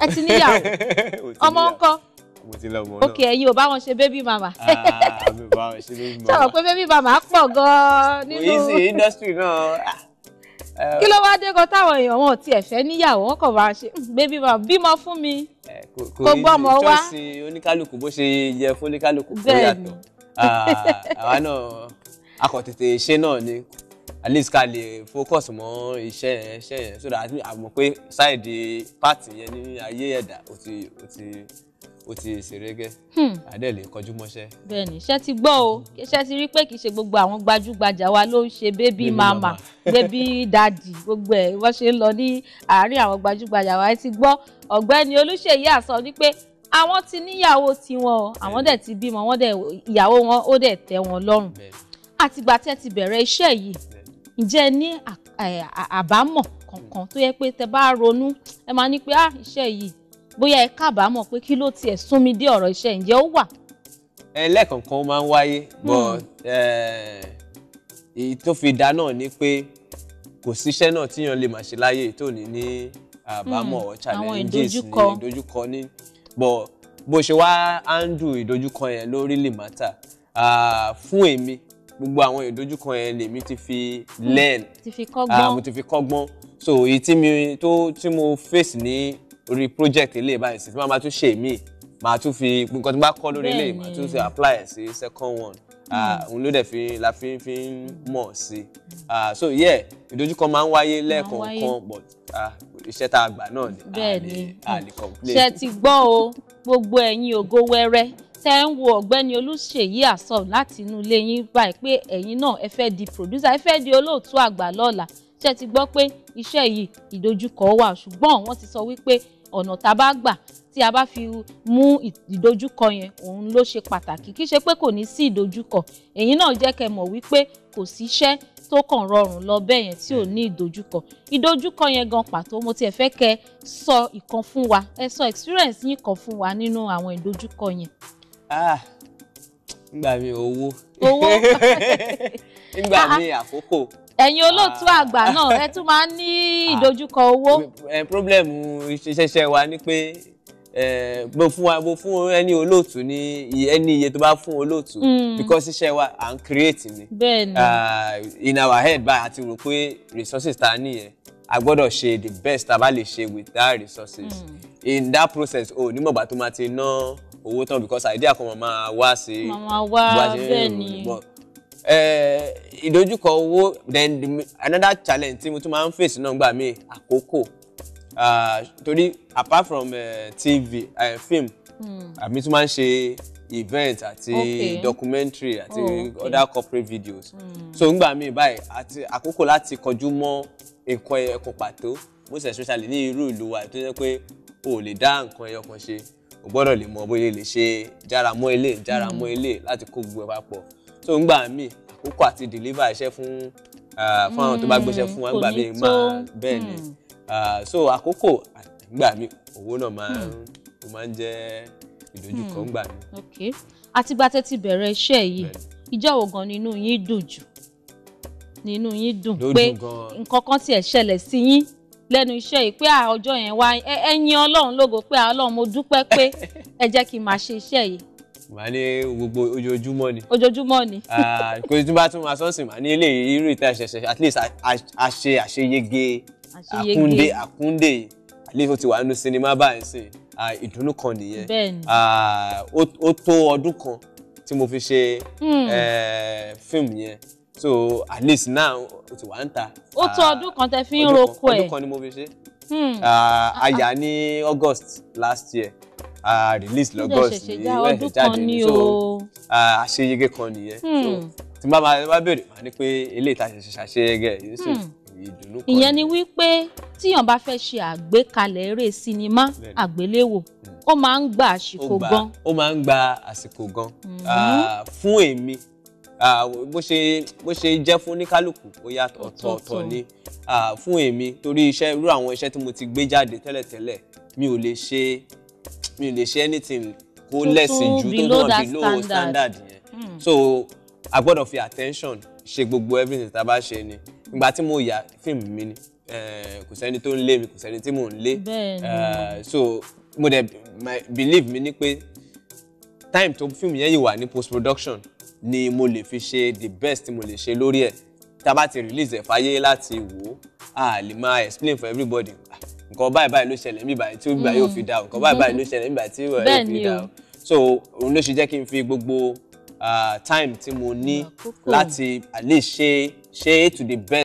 ẹ ti níyàwó ọmọ ńkọ́ mo ti lọ mọ ẹyin ò bá wọn ṣe baby mama. àmì ah, ò bá wọn ṣe baby mama. sọ̀rọ̀ pé baby mama pọ̀ gan-an nínú. kò yí sí industry náà. Ah, eh. kí ló wá dé táwọn èèyàn wọn ò tiẹ̀ fẹ́ níyàwó wọn kàn bá ṣe hmm, baby mama bímọ fún mi. Eh, kò gbọ́ ọmọ wá. kò oníkálukú bó ṣe yẹ fún oníkálukú kó yàtọ̀ ah, àwa náà a ṣe náà ni at least ká lè focus mọ́ iṣẹ́ iṣẹ́ yẹn so that a mọ̀ pé side part yẹn ní ayé ẹ̀dá ó ti ó ti ó ti ṣèrègé àdẹ́lẹ̀ hmm. kọjú mọ́ṣẹ́. bẹ́ẹ̀ni ṣe ti gbọ́ o ṣe ti rí pé kì í ṣe gbogbo àwọn gbajúgbajà wa ló ń ṣe bébí mama bébí dadi gbogbo ẹ̀ wọ́n ṣe ń lọ ní àárín àwọn gbajúgbajà wa ẹ ti gbọ́ ọ̀gbẹ́ni olúṣèyí àsọ ni pé àwọn ti níyàwó tiwọn àwọn dẹ̀ ti bímọ wọn dẹ̀ ìyàwó wọn ó dẹ̀ tẹ́ wọn lọ́rùn àtìgbà tẹ́ ti bẹ̀rẹ̀ iṣẹ́ yìí ǹjẹ́ ẹ ní àbámọ̀ kankan tó yẹ pé tẹ bá ronú ẹ máa ní pé ah iṣẹ́ yìí bóyá ẹ kábàámọ̀ pé kí ló tiẹ̀ sún mi dé ọ̀rọ̀ iṣẹ́ ǹjẹ́ ó wà. ẹ máa ń wáyé hmm. but èyí tó fi dá náà ni pé kò síṣẹ́ náà tíyan lè máa ṣe láyé tó ní ní àbámọ̀ hmm. challenges ní ìdojúkọ ní but bó ṣe wá handle ìdojúkọ yẹn ló really matter ah, fún èmi gbogbo àwọn ìdojúkọ yẹn lèmi ti fi learn ti fi kọ́gbọ́n ah, mo ti fi kọ́gbọ́n so èyí tí mi tó tí mo face ní orí project ilé ìbáyìí sí tí màá ma tún ṣe mí màá tún fi nǹkan tí bá kọ́ lórí ilé màá tún fi apply sí second one hmm. ah, òun ló dẹ̀ fi la fi fi ń mọ̀ sí ah, so yeah ìdojúkọ máa ń wáyé lẹ́ẹ̀kọ̀ọ̀kan but ah, iṣẹ́ tá a gbà náà ni a lè a lè complain. ṣe ti gbọ́ o gbogbo ẹ̀yin ògo wẹrẹ tẹ́ ń wo ọ̀gbẹ́ni olùṣèyí àsọ láti inú ilé yín báyìí pé ẹ̀yin náà ẹ fẹ́ di producer ẹ fẹ́ di olóòtú àgbà lọ́la ṣe ti gbọ́ pé iṣẹ́ yìí ìdojúkọ wà ṣùgbọ́n wọ́n ti sọ wípé ọ̀nà tá a bá gbà tí a bá fi mú ìdojúkọ yẹn òun ló ṣe pàtàkì kí ṣe pé kò ní sí ìdojúkọ èyí náà jẹ́ kẹ́ mọ̀ wípé kò síṣẹ́ tó kàn rọrùn lọ bẹ́ẹ̀ yẹn tí ò ní ìdojúkọ ìdojúkọ yẹn gan pàtó mo tiẹ̀ fẹ́ kẹ́ sọ ìkan fún wa ẹ sọ experience yín kan fún wa nínú àwọn ìdojúkọ yẹn. ah ngbà mi owó. owó nígbà ah, ah. míì àkókò. ẹ̀yin olóòtú ah. àgbà náà ẹ tún máa ń ní ìdojúkọ owó. pírọ́blẹ̀mù iṣẹ́ wa ni pé bó fún wa bó fún ẹni olóòtú ní ẹni iye tó bá fún olóòtú hmm. because iṣẹ́ wa à ń create ni in our head báyìí àti rò pé resources ta nìyẹn a gbọ́dọ̀ ṣe the best tá a bá lè ṣe with that resources mm. in that process o ní mọ̀gbà tó máa ti ná owó tán because idea kan máa wá sí i máa wá bẹ́ẹ̀ ni ìdojúkọ owó then another challenge tí mo tún máa ń face náà gbà mí àkókò torí apart from eh, TV uh, eh, film hmm. àmì tún máa ń ṣe event àti documentary àti oh, other corporate videos hmm. so ngbà mí báyìí àti àkókò láti kọjú mọ́ nǹkan ẹ̀kọ́ pàtó most especially ní irú ìlú wa tó yẹ pé o lè dá nǹkan ẹyọ kan ṣe o gbọ́dọ̀ lè mọ bóyá lè ṣe jára mọ́ ilé jára hmm. ilé láti kó gbogbo ẹ̀ papọ̀ so ngbà mí ó kọ́ àti deliver iṣẹ́ fún fún àwọn tó bá gbéṣẹ́ fún wa hmm, gbà mí máa bẹ́ẹ̀ ni hmm. so àkókò gbà mí owó náà máa ń máa ń jẹ́ ìdojúkọ hmm. gbà mí. okay àtìgbà tẹ́ ti bẹ̀rẹ̀ iṣẹ́ yìí ìjọ́ wo gan nínú yín dùn jù nínú yín dùn pé nǹkan kan tiẹ̀ ṣẹlẹ̀ sí yín lẹ́nu iṣẹ́ yìí pé ọjọ́ yẹn wá ẹyin ọlọ́run lógo pé ọlọ́run mo dúpẹ́ pé ẹ jẹ́ kí n máa ṣe iṣẹ́ yìí màá ní gbogbo ojoojúmọ́ ni. ojoojúmọ́ ni. kò tí bá tún máa sọ́ọ̀sì màá ní eléyìí irú ìta ṣẹ̀ṣẹ̀ at least a ṣe àṣeyege àkúndé àkúndé at least ó ti wà nínú sinimá báyìí sí ìdùnnú kan nìyẹn. bẹ́ẹ̀ni. ó tó ọdún kan tí mo fi ṣe hmm. fíìmù yẹn so at least now ó ti wà ń ta. ó tó ọdún kan tẹ fi ń roko ẹ ọdún kan ni mo fi ṣe. Hmm. a yà ní August last year a release lọ́gọ́sì ní ẹ̀ẹ́dẹ̀ jáde ní so àṣeyege kan nìyẹn so hmm. tí n bá máa bèrè máa ní pé eléyìí tá a ṣe ṣàṣeyege yìí sì ìdùnnú hmm. kan. ìyẹn ni wípé tíyàn bá fẹ́ ṣe àgbékalẹ̀ eré sinimá àgbéléwò hmm. ó máa ń gba àsìkò gan. ó máa ń gba àsìkò gan fún èmi bó ṣe bó ṣe jẹ́ fún oníkálukú ó yàtọ̀ ọ̀tọ̀ọ̀tọ̀ ni fún èmi torí iṣẹ́ irú àwọn iṣẹ́ tí mo ti gbé jáde tẹ́lẹ̀tẹ́lẹ̀ mi ò lè ṣe mi ò lè ṣe anything kó lẹ́sìn ju tó náà below standard yẹn hmm. so a gbọ́dọ̀ fi attention ṣe gbogbo everything tá a bá ṣe ni ìgbà tí mo yà fíìmù mi ni eh, kò sẹ́ni tó ń lé mi kò sẹ́ni tí mò ń lé eh, so mo dẹ̀ believe mi ni pé time tó fíìmù yẹn yìí wà ní post production ni mo lè fi ṣe the best mo lè ṣe lórí ẹ̀ tá a bá ti release ẹ̀ fáyé láti wò ó a lè máa explain for everybody nǹkan báyìí báyìí ló ṣẹlẹ̀ mí báyìí tí ó gbà yóò fi dá o nǹkan báyìí báyìí ló ṣẹlẹ̀ mí báyìí tí ó yóò fi dá so òun ló ṣe jẹ́ kí n fi gbogbo ah, time tí mo ní láti ṣe ṣe to the best.